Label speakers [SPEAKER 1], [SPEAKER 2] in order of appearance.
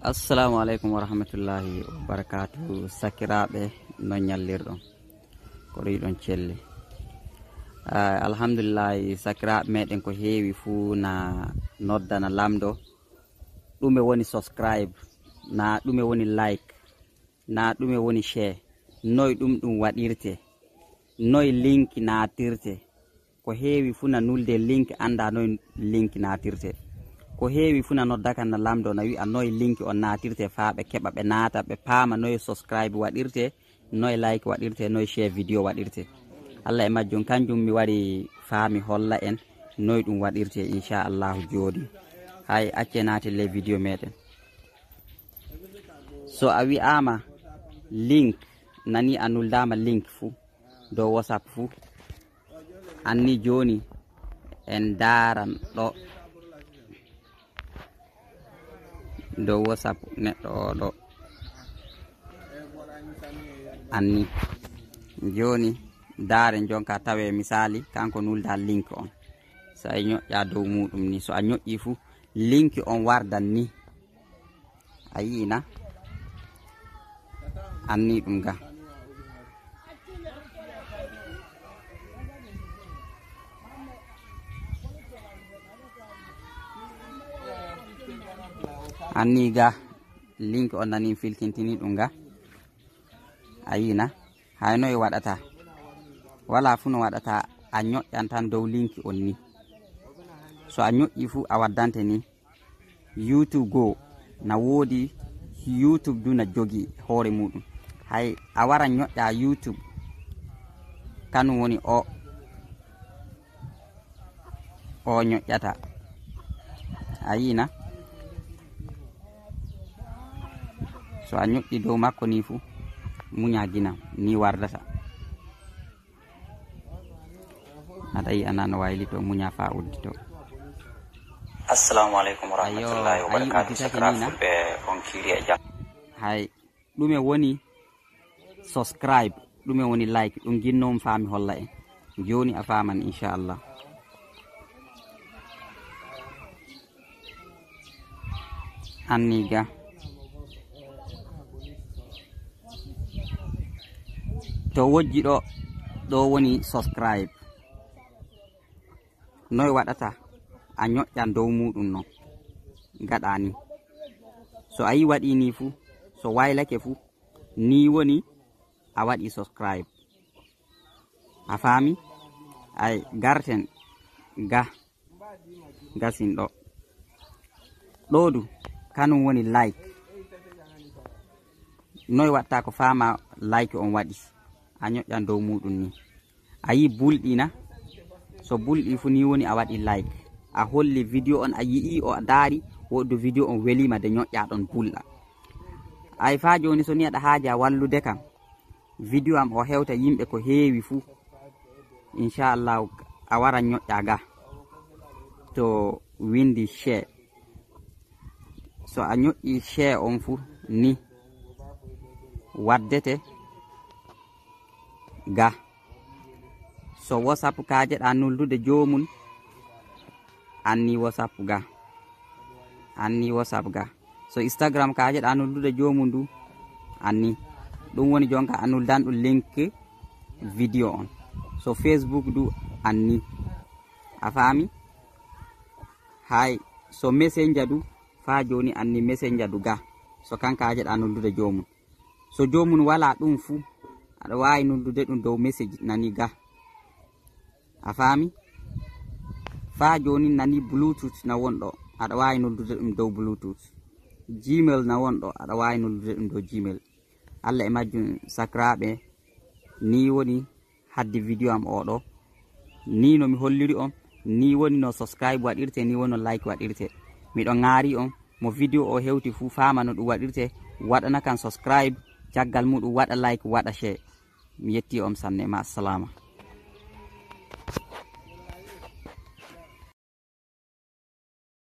[SPEAKER 1] assalamu aleykum wa wabarakatu sakiraɓe no ñallirɗon ko yiɗon celli uh, ah, alhamdulillahi sakiraɓe meɗen ko heewi fuu na noddana lamdo ɗume woni subscribe na ɗume woni like na ɗume woni share noye ɗum ɗum waɗirte noye link natirte ko heewi fuu na nulde link annda noy link natirte ko heewi fuu na daka na lamdo na wi a noye linki on natirte faa ɓe keɓa ɓe naata ɓe paama noye subscribe waɗirte noye like waɗirte noye share vidéo waɗirte allah e majjum kanjum mi wari faami holla en noye ɗum waɗirte inchallahu jooni hay acce naate le vidéo meɗen so a wi'ama link nani a nuldama link fuu dow whatsapp fuu anni joni en daran ɗo dow whatsapp neɗɗo do anni joni daare jonka tawe misali kanko nulda link on so a ñoƴƴa dow muɗum ni so a ñoƴƴi fuu link on wardan ni a yiina anni ɗum ga anni ga link o nanin filtintini ɗum ga a yina hayno e waɗata wala fu no waɗata a ñoƴƴan tan dow link on ni so a ñoƴƴi fu a waddante ni youtube goo na woodi youtube du na jogi hoore muɗum hay a wara ñoƴƴa youtube kanum woni o o ñoƴƴata a yina so a ñoƴƴi dow makko ni fuu muña ni wardata aɗa yi ana no wayli to muña fa uddito assalamu aleykum warahmatullahi wabarakatuh sakra fulɓe on kiri e jam hay ɗume woni subscribe ɗume woni like ɗum nom faami holla en joni a faman inchallah ga to wojji ɗo ɗo woni subscribe noy waɗata a ño'an dow muɗum no gaɗani so a yi waɗini fu so waylake fu ni woni a waɗi subscribe a fami ay garten ga gasin ɗo ɗodu kanum woni like noy watta ko fama like on waɗi a nyoƴƴan dow muɗum ni a yi bulɗi na so bulɗi fu ni woni a waɗi like a holli vidéo on a yi'i o daari woɗɗo vidéo on welima de nyoƴƴa ɗon bulɗa ay fa joni so ni aɗa haaja wallude kam vidéo am o hewta yimɓe ko heewi fuu inchallahu a wara nyoƴƴa ga to windi share so a nyo'i share on fuu ni waddete ga so whatsapp ka jedha anu de jomun anni whatsapp ga anni whatsapp ga so instagram ka jeɗa anu de jomun du anni dum woni jonka anul dan link video on so facebook du anni afami hai so messenger du fa joni anni messenger du ga so kanka jeɗa anu de jomun so jomun wala dum fu aɗa wawi noddude ɗum dow message nani ga a faami fa joni nani bluetooth na wonɗo aɗa wawi noddude ɗum dow bluetooth gmail na wonɗo aɗa wawi noddude ɗum dow gmail allah e majjum sakraɓe ni woni hadde vidéo am oɗo ni nomi holliri on ni woni no subscribe waɗirte ni woni no like waɗirte miɗo gaari on mo vidéo o hewti fuu faama no ɗum waɗirte waɗana kan subscribe caggal muɗum waɗa like waɗa share mi yetti om sanne ma salama